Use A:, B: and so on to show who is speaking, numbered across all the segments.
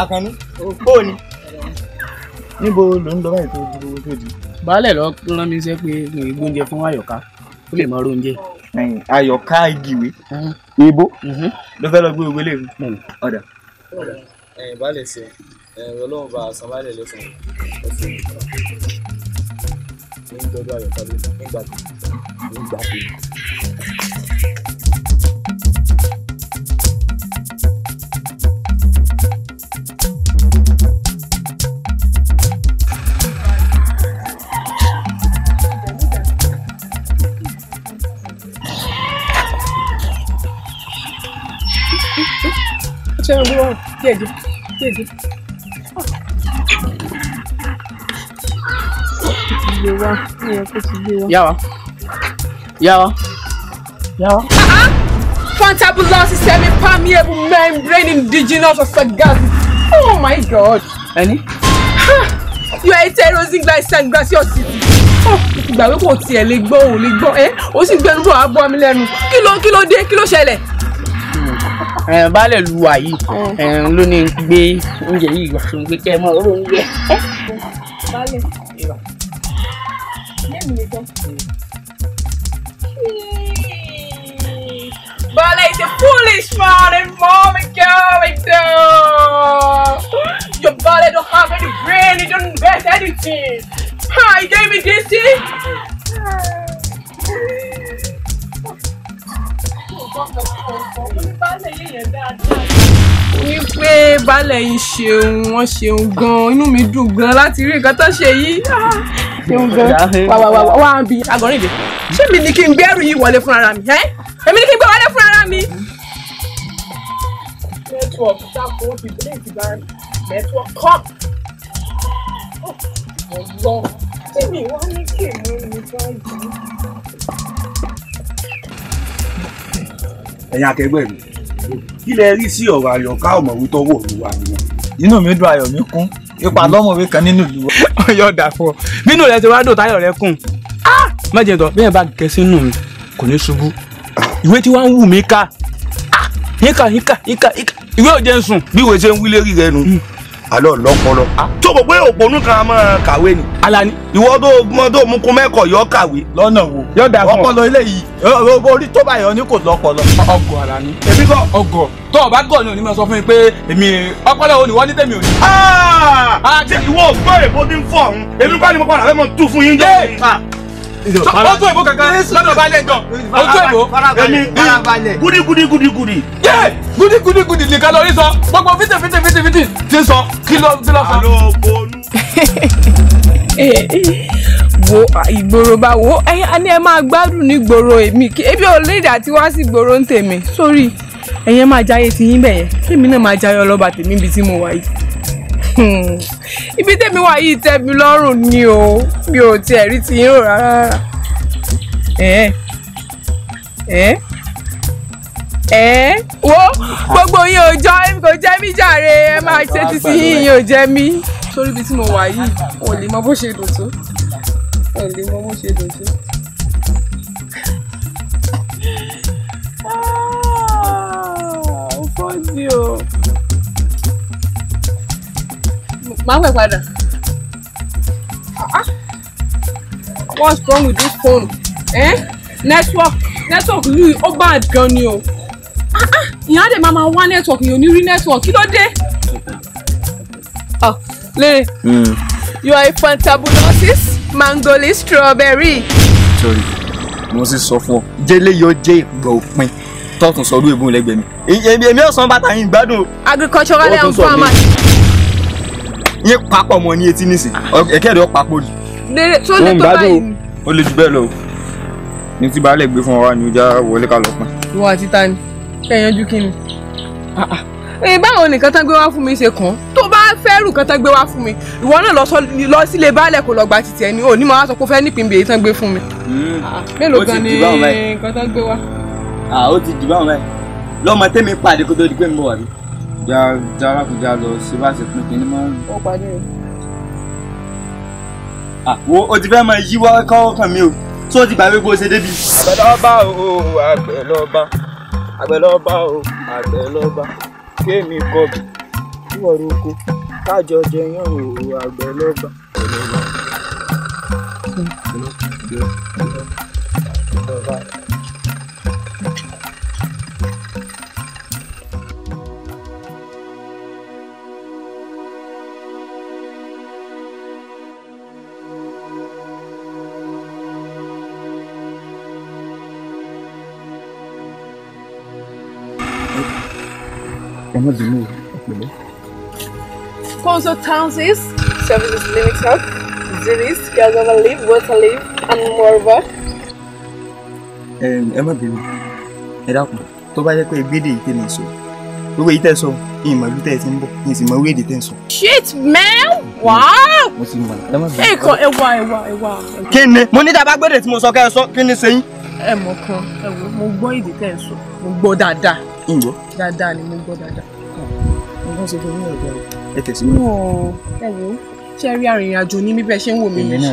A: Àkànní ó ní. níbo ló ń lọ báyìí tó dúró tó di. baálẹ̀ lọ rán mi iṣẹ́ pé kí n gbóúnjẹ fún àyọ̀ká ó lè mọ oúnjẹ. àyọ̀ká ìgìwé ibo mhm. ló fẹ́ lọ gbé ìwé lè mú ọ̀dà. baálẹ̀ ṣe ọlọ́run bá a san baálẹ̀ lẹ́sàn-án ọ̀sẹ̀ ìgbà ní gbọ́dọ̀ àyọ̀ká ló ń gbàgbé ń gbàgbé. Dedi. Dedi. Biła, biła, to ci biła. Biała. Biała. Biała. Fantabulous is having permeable membrane indigenous of sagazi. Oh my god. Ẹni. You are a terrorizing glycine graciosity oh, ìgbà Oh, kò tiẹ̀ lè gbọ́ òun lè gbọ́ ẹ́ eh? ó sì gbẹnu bọ̀ abọ́ mi lẹ́nu kí ló kí ló dé kí ló ṣẹlẹ̀ baálẹ̀ lu wa ló ní gbé kẹ́ mọ a foolish man and mom and girl and so. Your baálẹ̀ don't have any brain, It don't invest anything. Ha, gave me this thing. wípé baálẹ̀ yìí ṣeun wọ́n ṣeun gan-an inú mi dùn gan-an láti rí nǹkan tó ṣe yìí ah, ṣeun gan-an wà eh. wà wà wà á bi agọ̀rin ìdè ṣé mi ni kí n gbẹ́rù yìí wọlé fúnra mi ẹ́ èmi ni kí n gbé wọlé fúnra mi. network ṣàkóso ti blink bá network cup oh, ọlọ́run tí mi wá ní kí èmi ní báyìí. ẹ̀yin akẹgbẹ́ mi kí lẹ rí sí ọ̀rọ̀ àyọ̀ká ọ̀mọ̀wé tọ́wọ́ òluwa nìyẹn. inú mi dùn ayọ̀ mi kún ipa lọ́mọ̀wé kan nínú ìlú. ọyọ dà fún ọ nínú rẹ ti wá dùn táyọ̀ rẹ kùn ah! mẹjẹ tán bẹ́ẹ̀ bá gẹ sínú mi kò ní ṣubú ìwé tí wọ́n ń wù mí ká ah! yíká yíká yíká ìwé òjẹ́ ń sùn bí ìwé ṣe ń wí lérí rẹ nu. Hmm alọ́ lọ́pọlọ. Ah, tó o pé òpònú kan máa kàwé ni. alani. ìwọ tó mọ tó mú kun mẹ́kọ̀ọ́ yọ kàwé. lọ́nà wo yóò dà fún ọ. ọpọlọ eléyìí orí tó bá yọ ni kò lọ́pọlọ. ọgọ alani. èmi kọ ọgọ tó o bá gọ̀ ni òní máa sọ fún mi pé èmi ọpọlọ wo ni wọ́n ní tèmi ò ní. Ah! Ah, ṣé ìwọ ògbó èbó ti ń fọ ọ̀hún èmi kọ́ ni mo padà fẹ́ mọ tú fún yín jẹ́ ojú ìbò kankan lọ́dọ̀ balẹ̀ jọ ojú ìbò èmi gúdígúdí gúdígúdí. yé gúdígúdí gúdí nìkan lórí sọ gbogbo fìtì fìtì fìtì fìtì ti sọ kí ló kí ló sọ. wo ìgboro bá wo ẹyin a ní ẹ máa gbádùn ní gboro èmi ebi ò lédè àti wá sí gboro ń tèmi sórí ẹyin máa jayé tiyín bẹ̀yẹn kémi náà máa jayé ọlọ́ba tèmi ibi tí mo wà yìí. ibi tẹ́mi wà yìí tẹ́ mi lọ́rùn ni o mi ò tiẹ̀ rí ti yín rò rárá. ẹ ẹ ẹ wo gbogbo yín ò jọ kò jẹ́ mi jàre ẹ máa ṣe títí yín yín ò jẹ́ mi torí ibi tí mo wà yìí ò lè mọ bó ṣe dùn tó ò lè mọ bó ṣe dùn tó. Ah, ó fọ́ My Máa pẹ̀ padà. Ah, ah. What's wrong with this phone? Eh? Network network yìí ó bad gan ni o. Ah, Ìyá dẹ̀ máa ma wá network you need ní network kí ló dé? Oh, Lere. Mm. You are a fantabulosis mangoli strawberry. Sorry, mo sì sọ fún ọ, jẹ́lé yóò jẹ́ ìgbà òpin tọ́tún sọ ọdún ìbúlẹ̀gbẹ̀mí. Èmi ọ̀sán bàtà yín gbádùn. Agricultural and farmers yín papọ̀ mọ́ ní etí nísìn ah. ẹ̀kẹ́rẹ́ ó papọ̀ jù. lèrè tó lè tó báyìí ni. ó lè jù bẹ́ẹ̀ lọ ní tí baálé gbé fún wa ni ó já wọlé ká lọ pọn. ìwọ àti ta ni kẹ́ ẹ̀ yanjú kí ni. èyí ah, ah. báwo nìkan tán gbé wá fún mi ṣe kàn tó bá fẹ́rù kan tán gbé wá fún mi ìwọ náà lọ sílé baálé kò lọ gba títì ẹni ò ní máa sọ pé ó fẹ́ nípìnbí èyí tán gbé fún mi. Hmm. mélòó gan ni nǹkan tán gbé wá. ó ti dì báwọn báyìí lọ́mọ tẹ́mi pàdé kó tó di pé ń bọ̀ wá mi já já alákòjá lọ ṣe bá ṣe pín kínní mọ́. ó parí o. àwo o ti fẹ́ máa yíwọ́ kọ́wọ́ kan mi o tí wọ́n ti gbàgbé bó ṣe débi. àgbẹ̀lọ́ba o àgbẹ̀lọ́ba àgbẹ̀lọ́ba o àgbẹ̀lọ́ba kéèmí kọ́ọ̀bù wọ̀rọ̀ oko kájọ jẹ yán o àgbẹ̀lọ́ba. àgbẹ̀lọ́ba. ẹ má bínú ẹ pẹ̀lẹ́. Consultancies, services limited, disease, caregiver leave, water leave, and moreover. Ẹ má bínú, ẹ dákun, tó bá jẹ́ pé gbédè yìí tẹ̀lé sọ, gbogbo yìí tẹ̀ sọ, yìí mọ̀ ìlú tẹ̀ ti ń bọ̀, yìí sì mọ̀ owó èdè tẹ̀ Shit man, wow! Mo ti mọ̀ ẹ má bínú. Ẹ kọ ẹwà ẹwà ẹwà. Kí ni? Mo ní dábàá gbédè tí mo sọ kẹ́ ẹ sọ, kí ni ṣe yín? Ẹ mọ̀ kan, ẹ mo gbọ́ èdè tẹ̀ mo gbọ́ dáadáa ǹgbọ́. dáadáa ni mo gbọ́ dáadáa nǹkan ah, ṣe fún mi ọ̀dọ́ rẹ̀. ẹ tẹ̀síwájú. ẹ wo ṣe rí arìnrìnàjò ní mi bẹ́ẹ̀ ṣe ń wò mí yìí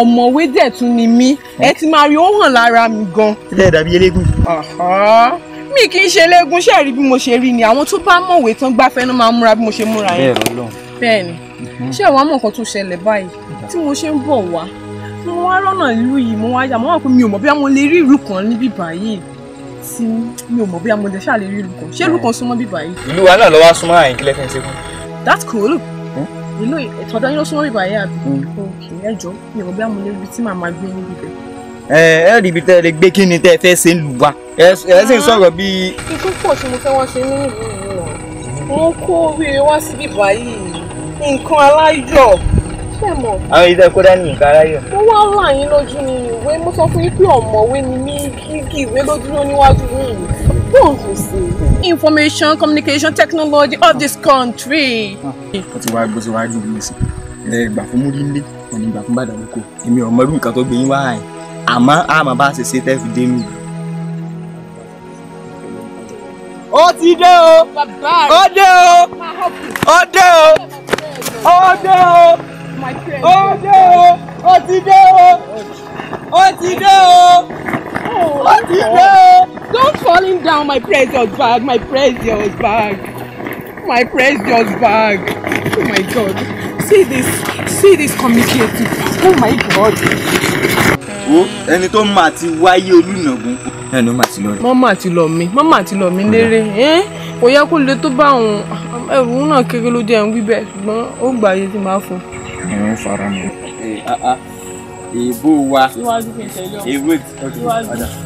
A: ọ̀mọ̀wé dẹ̀ tún ni mí ẹ ti máa rí ó hàn lára mi gan. ẹ dàbí eléégún. mi kì í ṣe eléégún ṣe rí bí mo ṣe rí ni àwọn tó bá mọ̀wé tán gbáfẹ́ náà máa múra bí mo ṣe múra yẹn. bẹ́ẹ̀ ni mhm. ṣé àwọn àmọ̀ kan tó ṣẹlẹ̀ báyìí tí mo ṣe ń bọ̀ wá mo wá rọ́nà ìlú yìí mo wá yà mo wà pé mi ò mọ̀ bí mo lè rí ìlú kan níbí báyìí tí mi ò mọ̀ bí amọ̀dé ṣáà rí ìlú ṣé ìlú súnmọ́ bíbá yìí. ìlú wa náà lọ wá súnmọ́ àyìn kílẹ̀ fẹ́ǹsì fún. that's cool hmm? ìlú ìtọ́jọ́ yín ló súnmọ́ bíbá yìí àbí hmm. Okay, ẹjọ́ mi ò mọ̀ bí amọ̀dé ibi tí màmá gbé níbi bẹ̀. ẹ ẹ rí ibi tẹ ẹ lè gbé kí ni tẹ ẹ fẹ́ ṣe ń lù wá ẹ ẹ sì ń sọ̀rọ̀ bíi. ikú pọ̀ tí mo fẹ́ wá ṣe ní ìlú mi mo kó oríire wá sí bíbá nǹkan aláyọ̀ ṣe mọ̀. àwọn ìdá kó dání nǹkan aráyọ̀. mo wá là yín lójú ní ìwé mo sọ fún yín pé ọ̀mọ̀wé ni mí kíkì ìwé ló dúró níwájú yìí bóun kò sí. information communication technology of this country. Ah, ó ti wá gbó sí wájú mi sí ẹ fún múrí nílé wọn ni fún bàdà lóko èmi ò mọ nǹkan tó gbé wá àyìn àmọ́ àmọ́ bá ṣe ṣe tẹ́ dé mi. ó ti dé o ó dé o ó dé o ó dé o ó dé o ó ti dé o ó ti dé o ó don't fall him down my precious bag my precious bag my precious bag oh my god see this see this communicative oh my god. wo ẹni tó máa ti wáyé olùnàgún. ẹnu máa ti lọ rẹ. mọ́mọ́ àti lọ mi mọ́mọ́ àti lọ mi lérè kò yẹ kó le tó bá òun ẹ̀rù náà kéré ló jẹ́ ń ṣùgbọ́n ó gbà tí màá fún un ẹ̀rọ fara mi. ẹ ah ah wa ewé ọdún padà.